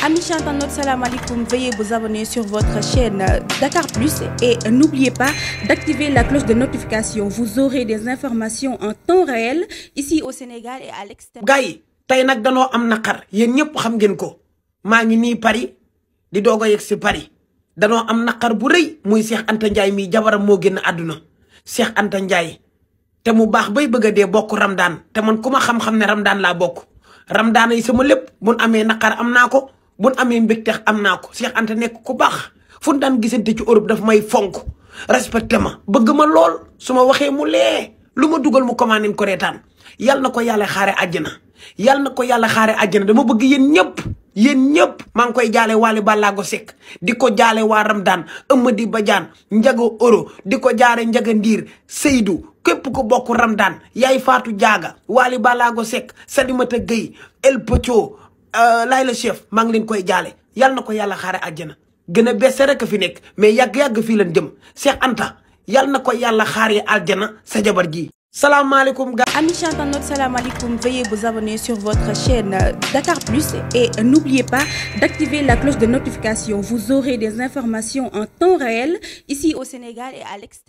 Amis chers internautes, salam alaikum. Veuillez bu abonner sur votre chaîne Dakar Plus et n'oubliez pas d'activer la cloche de notification. Vous aurez des informations en temps réel ici au Sénégal et à l'extérieur. gars tey nag danoo am naqar yéen ñëpp xam ngeen ko maa ngi nii Paris di doog a yegg si pari danoo am naqar bu rëy muy Cheikh Anta Ndiaye mii jabaram moo génn àdduna Cheikh Anta Ndiaye te mu baax bay bëgg a dee bokk Ramadaan te man ku ma xam-xam ne Ramadaan laa bokk Ramadaan yi lépp mun amee naqar am naa ko. bu buñ amee mbégteex am naa ko Cheikh Anta nekk ku baax fu daan gisante ci Europe daf may fonk respecté bëgg ma lool su ma waxee mu lee lu ma dugal mu commandé ko reetaan yal na ko yàlla xaare àjjana yal na ko yàlla xaare àjjana dama bëgg yéen ñëpp yéen ñëpp maa ngi koy jaale waale Balago sekk di ko jaale waa Ramdaan Amady Badiane Njago Oro di ko jaare Njaga Ndiir Seydou képp ko bokk daan yaay Faatu Jaaga waale Balago Seck Salimata Gueye El Pocho Euh, laay la chef maa ngi leen koy jaale yal na ko yàlla xaare àjjana gën a bees rek fi nekk mais yàgg-yàgg fii lan jëm Cheikh Anta yal na ko yàlla xaaree àjjana sa jabar ji salaamaaleykum gars. amis chantanotes salaamaaleykum veuillez vous abonner sur votre chaîne Dakar Plus et n'oubliez pas d'activer la cloche de notification vous aurez des informations en temps réel ici au Sénégal et à l'extérieur